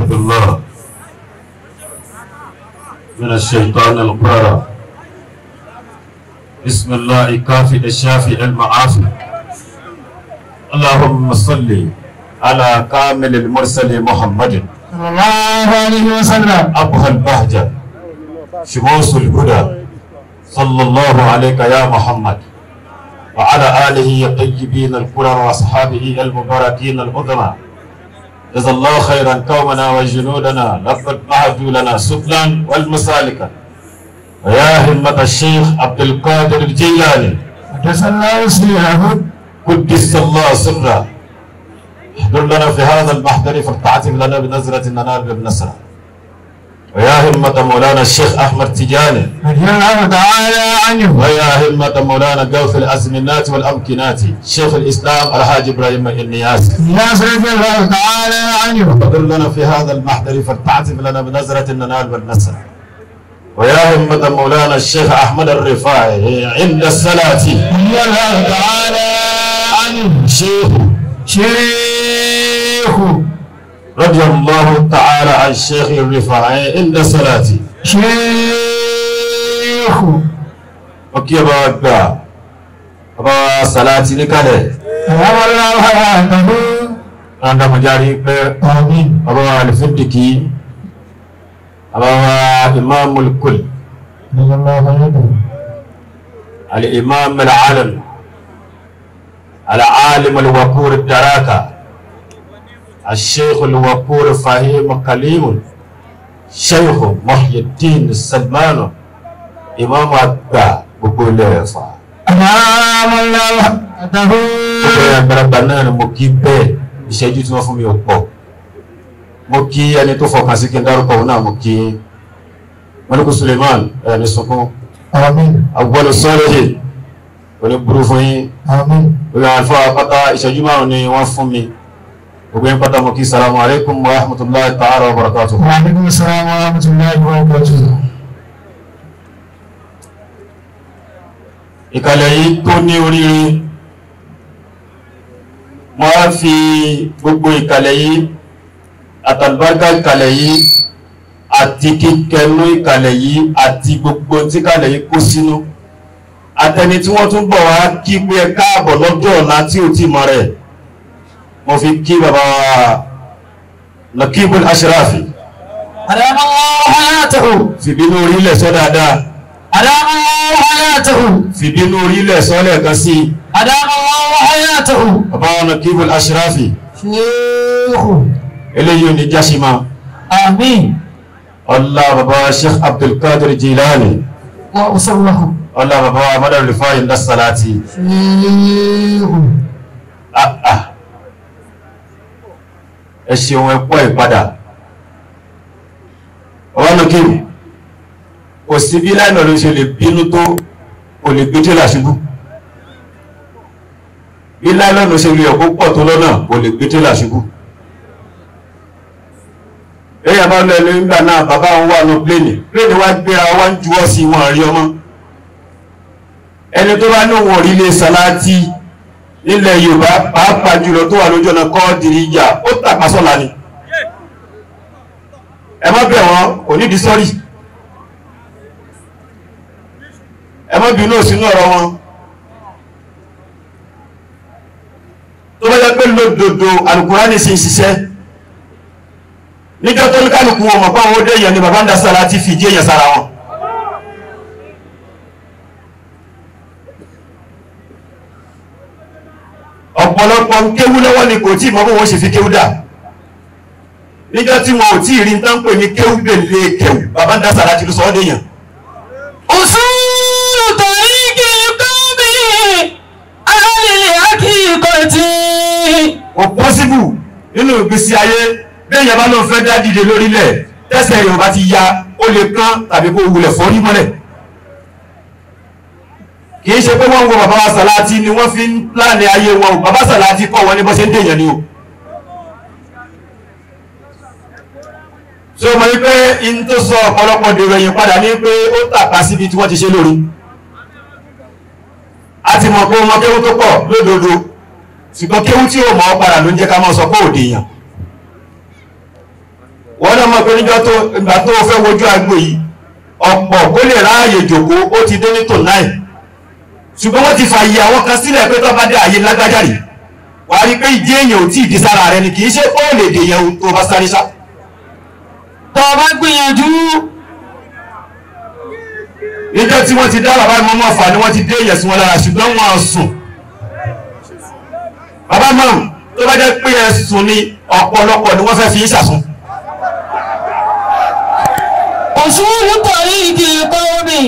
أعوذ بالله من الشيطان القرى بسم الله كافي الشافي المعافي اللهم صل على كامل المرسل محمد صلى الله عليه وسلم أبو البهجة شموس الهدى صلى الله عليك يا محمد وعلى آله الطيبين الكرام وأصحابه المباركين الأذنى جزا الله خيرا قومنا وجنودنا لقد مهدوا لنا سبلا والمسالكا ويا همة الشيخ عبد القادر الجيلاني جزا الله سيئه قدس الله سره احضر لنا في هذا المحضر فارتعتم لنا بنظرة النار بالنصره ويا همة مولانا الشيخ أحمد تجاني رضي الله تعالى عنه ويا همة مولانا قوث الأزمنات والأمكنات شيخ الإسلام الحاج إبراهيم النياس النياس رضي الله تعالى عنه وقل لنا في هذا المحضر فلتعزف لنا بنظرة النال والنسر ويا همة مولانا الشيخ أحمد الرفاعي عند الصلاة رضي الله تعالى عنه شيخ شيخ رضي الله تعالى عن الشيخ الرفاعي فرعين صلاتي شيخ اوكي بابا بابا صلاتي نكاله رب الله عنه عند مجاريك امين بابا الفدكي بابا امام الكل الله الامام العالم العالم الوقور التراكة الشيخ الوقور فهيم كليم شيخ محي الدين سلمان إمام أبا بقول إفا أمام الله أدهو bẹ́ẹ̀ ni mo kí bẹ́ẹ̀ ìṣẹ́jú tí wọ́n fún mi ò pọ̀ mo kí ẹni tó fọkàn sí kí n dárúkọ òun náà mo kí mọ́lẹ́kù Suleiman ẹni sunkún agbọ́dọ̀ sọ́ọ́lẹ́jì oníburú fún yín orí àwọn afọ́ apáta ìṣẹ́jú márùn-ún ni wọ́n fún mi gbogbo yín pátá mo kí salamu alaikum wa rahmatulahi ta'ala wa barakatu. wa alaikum salaam wa rahmatulahi wa barakatu. ìkàlẹ̀ yìí tó ní oríire mo á fi gbogbo ìkàlẹ̀ yìí àtàlùbáríkà ìkàlẹ̀ yìí àti kíkẹnú ìkàlẹ̀ yìí mo fi kí baba lakibul ashrafi. àdàmọ́ hayatahu. fìbínú orílẹ̀ sọ dáadáa. àdàmọ́ hayatahu. fìbínú orílẹ̀ sọ lẹ́ẹ̀kan sí i. àdàmọ́ hayatahu. baba lakibul ashrafi. ṣeéhù. eléyìí ò ní jásímà. àmín. ọlá baba sheikh abdulkadir jilani. wa usallahu ọlá bàbá wa mọ́dàrí fáyín lọ́sàlátì. ṣeéhùn ẹ ṣeun ẹ pọ́ ìpadà ọ̀rọ̀lókèrè kò sí bí láìnà ló ṣe lè bínú tó kò lè gbé tírélà ṣubú bí láìnà ló ṣe lè ọ̀pọ̀ pọ̀ tó lọ́nà kò lè gbé tírélà ṣubú èyàn bá lọ ẹlẹ́yìn gbà náà bàbá wọn wà ní pléènì pléènì wá gbéra wá ń juwọ́ sí wọn àrí ọmọ ẹni tó bá ní òun ò rí lè sàlátì nílẹ̀ yorùbá pàápàá jùlọ tó wà lójú ọ̀nà kọ́ọ̀dìrìjà ó tàpá sọ́la ni ẹ má bẹ̀ wọ́n kò nídìí sọ́rí ẹ má bínú òsínú ọ̀rọ̀ wọn tó bá yẹ pé lódodo alukurani sì ń ṣiṣẹ́ níjọ́ tó ní kálukú wọn mọ̀ pé àwọn ó dé èèyàn ni bàbá ń da ti fìdí èèyàn sára wọn. ọ̀pọ̀lọpọ̀ ń kéwú lọ́wọ́ ni kò tí ì mọ bó wọ́n ṣe fi kéwú dà níjọ́ tí wọn ò tí ì rí nǹkan pè ní kéwú gbèlè kéwú bàbá ń dá sàrà ti sọ déyàn. òṣùlù tàrí kì í kọ́ mi alẹ́ kò pọ́sibù nínú ìgbésí ayé bẹ́ẹ̀ yàrá ló fẹ́ dá dìde lórílẹ̀ tẹ́sẹ̀ Yorùbá ti ya ó lè kán tàbí kó wulẹ̀ fọ́rí mọ́lẹ̀ kì í ṣe pé wọ́n ń wo bàbá wa sàláàtì ni wọ́n fi ń pláàni ayé wọn o bàbá sàláàtì kọ́ wọn ní bó ṣe ń dèèyàn ni o. ṣé o mọ̀ ní pé n tó sọ ọ̀pọ̀lọpọ̀ dèrò ẹ̀yìn padà ní pé ó tàpá síbi tí wọ́n ti ṣe lórí. a ti mọ̀ pé ọmọ kéwú tó pọ̀ lódodo ṣùgbọ́n kéwú tí ó mọ̀ ọ́ padà ló ń jẹ́ ká mọ̀ sọ pé òde èèyàn. wọ́n náà mọ̀ pé níjọ́ tó ìgbà tó fẹ́ wojú àgbo yìí ọ̀pọ̀ kó ráàyè jòkó ó ti dé ní tòun náà ṣùgbọ́n wọ́n ti fààyè àwọn kan sílẹ̀ pé tó bá dé àyè lágbájá rè wà á rí pé ìdí èèyàn ò tí ì di sára rẹ ni kì í ṣe ó lè dè yẹn tó bá sáré sá. tó o bá gbìyànjú. ìjọ tí wọ́n ti dá bàbá mi mọ́ fà ni wọ́n ti dé èèyàn sí wọn lára ṣùgbọ́n wọn sùn. bàbá márùn tó bá jẹ́ pé ẹ̀sùn ni ọ̀pọ̀lọpọ̀ ni wọ́n fẹ́ fi ń ṣàsùn. òṣùwọ̀n tọ̀rí ìdí ìkọ́ omi.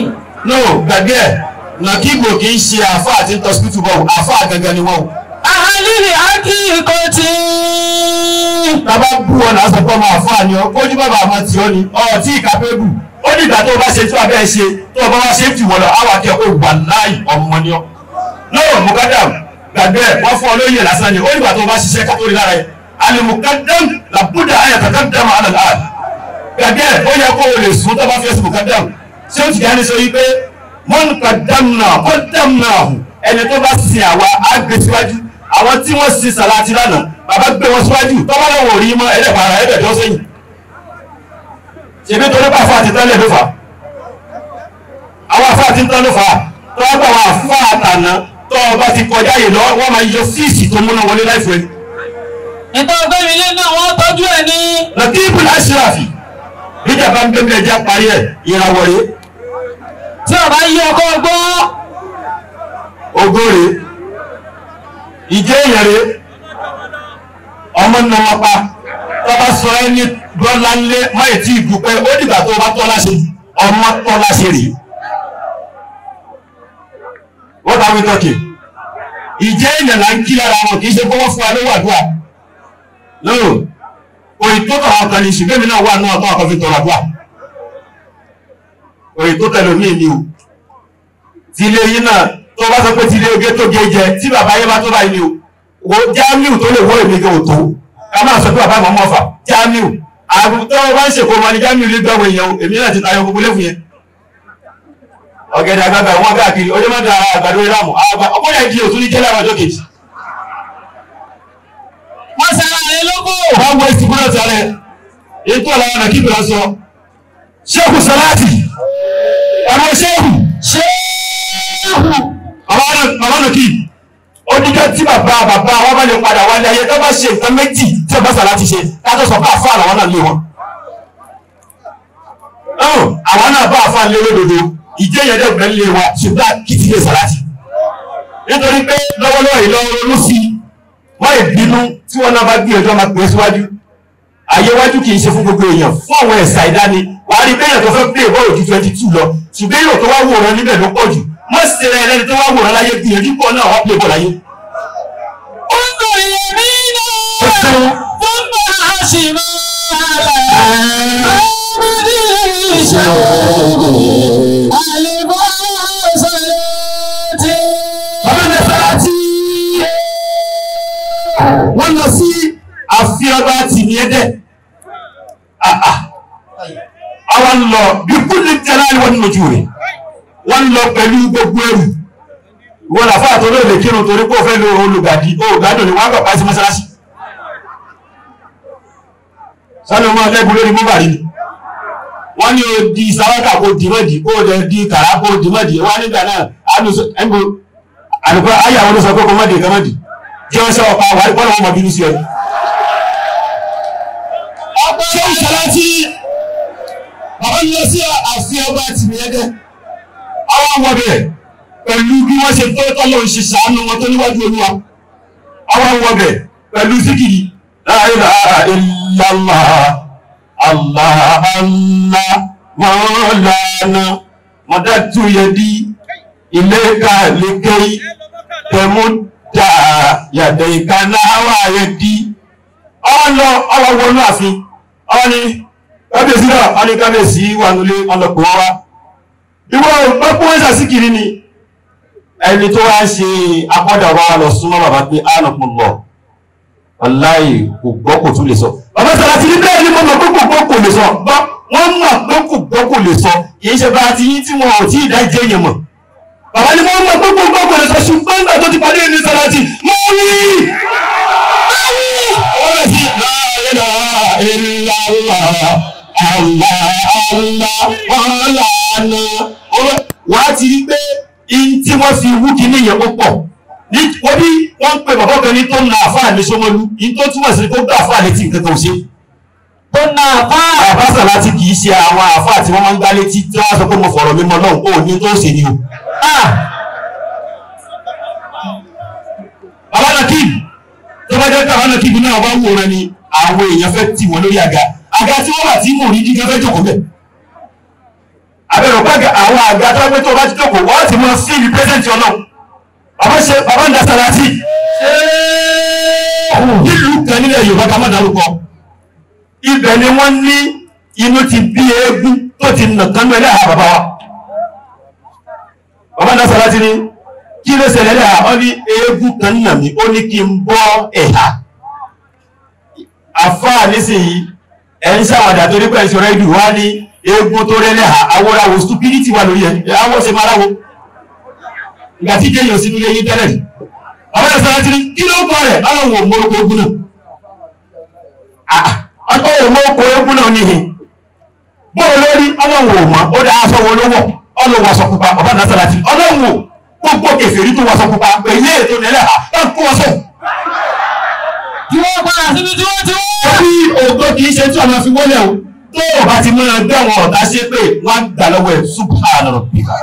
no gbàgbé ẹ̀ nàkígbò kì í ṣe àáfàá àti tọ́sítù bọ́ọ̀ àáfàá gangan ni wọ́n o. àhálìlì akíkọ tí. bàbá bú ọ náà sọ pé ọmọ àáfàá ni ọ kójú bàbá àmọ tí ọ ni ọtí ìkápẹ́bù ó dìgbà tó o bá ṣe tí wàá bẹ́ẹ̀ ṣe tó o bá wá ṣe fìwọ́ lọ àwọn akẹ́ kó wà láì ọmọ ni ọ. lọ́wọ́ mukadam gbàgbé wọ́n fún ọ lóye lásán ni ó dìgbà tó o bá ṣiṣẹ́ kátó mọ́nù kàdámùnà kọ́dámùnà ọ̀hún ẹni tó bá sin àwa á gbé síwájú àwọn tí wọ́n sin sàláàtì lánàá bàbá gbé wọn síwájú tọ́wọ́ lọ́wọ́ rí mọ́ ẹlẹ́fàrà ẹlẹ́dọ́ sẹ́yìn ṣèbí torí pàfọ́ àti tán lè ló fà àwọn afọ́ àti tán ló fà tọ́wọ́ bá wọn afọ́ àtànà tọ́wọ́ bá ti kọjá yìí lọ wọ́n máa yọ fíìsì tó múná wọlé láìfẹ́ ìtọ́ ọgbẹ́mi lé náà wọ́n tọ́jú ẹ̀ ní. lọ́kì ibùdó aṣọ àfi bíjà bá ń gbẹ́mi ẹja parí ẹ̀ ìràwọ̀ rèé tí ọba yí ọkọ gbọ́ ogóre ìjẹ́ ìyẹ̀rẹ̀ ọmọ nà wọn pa tọ́ba sọ ẹ́ ní dọ́là ńlẹ́ máyì tí ìdúpẹ́ ó dìgbà tó bá tọ́lá ṣe ọmọ tọ́lá ṣe rèé what are we talking ìjẹ́ ìyẹ̀rẹ̀ là ń kí lára wọn kì í ṣe gbọ́wọ́ fún wa lówó àdúrà lóòrò òyìn tó tọ̀ àwọn kan ní ìṣìgbẹ́mi náà wà náà tó àkọ́fẹ́ tọ̀rọ̀ àdúrà òye tó tẹ̀lé mí ni o tilé yìí náà tó bá sọ pé tilé oge tó gé jẹ tí bàbá yẹn bá tó báyìí ni o wò jamiu tó lè wọ èmi gan òtó ká máa sọ pé bàbá mi ọmọ fà jamiu àgùntàn bá ń ṣèkó ọmọ ni jamiu lè gbàgbọ́ èèyàn o èmi náà ti tayọ gbogbo lẹ́fù yẹn ọ̀gẹ̀dẹ̀ àgbàgbà wọn káàkiri ọjọ́ máa da àgbàdo ìlàmù ọkùnrin àìjí òtún ní jẹ́lá ọjọ́ kejì. wọ́n sára rẹ̀ lóko. wọ́n wọ ìsìnkú náà sáré ètò ọ̀làwọ̀n ọ̀rọ̀ ṣéhù ṣéhù ọ̀rọ̀ ọ̀nà kí ó ní ká tí bàbá bàbá wọn bá lè padà wálé ayé tó bá ṣe nǹkan méjì tí ọba sàlá ti ṣe látọ̀ sọ fáfá àwọn náà lé wọn. àwọn náà bá àfa lé lódodo ìjẹ́ yẹn dẹ́gbẹ́ lé wa ṣùgbọ́n kìtì lè sàlá ti. nítorí pé lọ́wọ́lọ́wọ́ yìí lọ́wọ́ ló sí wọ́n ìbínú tí wọ́n náà bá gbìyànjú ọmọ pè é síwájú àyè kì í ṣe fún gbogbo èèyàn fún àwọn ẹ̀sà ìdání wà bẹ́ẹ̀ tó fẹ́ play bọ́ọ̀lù ju twenty two lọ ṣùgbọ́n èrò tó wá wòran níbẹ̀ ló pọ̀ jù mọ́ sí rẹ̀ ẹlẹ́ni tó wá wòran láyé gbìyànjú pọ̀ náà wá play bọ́ọ̀lù láyé. ó ń lò yẹ mí náà wọ́n bá a ṣì máa bá a ní ìṣòro àlebọ́ sọ̀rọ̀ tí. ọlọ́dẹ sọ̀rọ̀ wọ́n lọ sí àfihàn bá tì ní ẹ̀dẹ̀ wọ́n lọ bíkú ní tẹ́láì wọ́n nínú ojú rẹ̀ wọ́n lọ pẹ̀lú gbogbo ẹrù wọ́n làfà àtọ́lọ́ èdè kírun torí pé ó fẹ́ lo olùgbàdì olùgbàdùn ni wọ́n gbà pàṣẹ mọ́sálásí sani ọmọ ẹlẹ́gùn lórí mọ́bàrí ni wọ́n ní o di sáwọ́kà kò dì mọ́dì kò dẹ̀ di kàrá kò dì mọ́dì wọ́n nígbà náà àdùkọ ayàwó ló sọ pé kò mọ́dì kan mọ́dì jẹ́ wọ́n sọ ọ̀pá wọ́n lọ́wọ́ mọ́ bínú àwọn lọ sí àfi ọba tìmíyẹ dẹ àwọn àwọ̀dẹ pẹ̀lú bí wọ́n ṣe fẹ́ tọ́lọ̀ ń ṣe ṣàánú wọn tó níwájú olúwa àwọn àwọ̀dẹ pẹ̀lú síkìrì láìra ìlàlá àlàálá mọ́lánà mọ́dátù yẹdí ilé kàlékè tẹ̀mú dà yàtọ̀ ìkànnà àwọn àyẹ̀dí ọ̀nà ọ̀wọ̀wọ̀ náà fi ọ̀nì kábíyèsí náà a ní kábíyèsí wà nílé ọlọ́pọ̀ wa ìwọ ọ̀pọ̀ ẹ̀sà sí kiri ni ẹni tó wá ń ṣe akọ́dà wa lọ súnmọ́ bàbá pé àánú kò lọ aláì kò gbọ́ kò tún lè sọ bàbá sọ̀rọ̀ ti ní bẹ́ẹ̀ ni mo mọ̀ pé kò gbọ́ kò lè sọ wọ́n mọ̀ pé kò gbọ́ kò lè sọ kì í ṣe bá ti yín tí wọn ò tí ì dájẹ́ yẹn mọ̀ bàbá ni wọ́n mọ̀ pé kò gbọ́ kò lè sọ ṣùgbọ́n nígbà tó ti parí ẹni sọ̀rọ̀ ti mo rí Allah Allah ọ̀la àná. wàá ti rí pé tí wọ́n fi wú kí nìyẹn ó pọ̀ wọ́n bí wọ́n pe bàbá kan ní tó na àfáà ní Ṣómólú ní tó túmọ̀ sí kó gbà àfáà létí nǹkan kan ṣe. tó na àfáà. bàbá Sàlátì kì í ṣe àwọn àfáà tí wọ́n máa ń gbá létí tí wọ́n á sọ pé mo fọ̀rọ̀ mímọ́ náà ó ní tó ṣe ni o. bàbá nàkìm tó bá jẹ́ pé àwọn nàkìm náà wọ́n wúran ni àwọn èèyàn fẹ́ tì wọ́n lórí àga àga tí wọ́n wà tí mò ń rí gíga fẹ́ jókòó bẹ̀. abẹ́rẹ́ pàgà àwọn àga tó gbé tó bá ti jókòó wọ́n ti mọ sí ibi pẹ́sẹ́ǹtì ọlọ́run bàbá ṣe bàbá ń da sàlátì. nílùú kan nílẹ̀ yorùbá ká má dárúkọ ibẹ̀ ni wọ́n ní inú ti bí eégún tó ti nàkánú ẹlẹ́hà bàbá wa bàbá ń da sàlátì ni kí ló ṣẹlẹ̀ lẹ́hà ó ní eégún kan nà mí ó ní kí n bọ́ ẹ̀hà àfáà nísìnyí ẹ̀ ń sàwàdà torí pé ẹ̀sìn rẹ́dù wá ní egun tó rẹ́lẹ̀ hà awọ́rawò stupidity wà lórí ẹ̀ awọ́ ṣe máa ráwo ìgbà tí jẹ́yìn òsínú lé yín tẹ́lẹ̀ àwọn ẹ̀sán láti rí kí ló kọ́ rẹ̀ báwọn ò mọ oko egun náà ọkọ̀ ah, ah, ò mọ oko egun náà níhìn bóò lórí ọlọ́run ò mọ̀ ó dá aṣọ wọn lówọ̀ ọlọ́run aṣọ pupa ọba náà sàlàtì ọlọ́run ò gbogbo kèfèrí tó wọṣọ pupa pẹ̀lú ètò nílẹ̀ hà bá kì í ṣe tí ọmọ fi wọlé o tó o bá ti múra dẹ́wọ̀n ọ̀tá ṣépè wọ́n gbà lọ́wọ́ ẹ̀ súpà lọ́rọ̀ bíkà.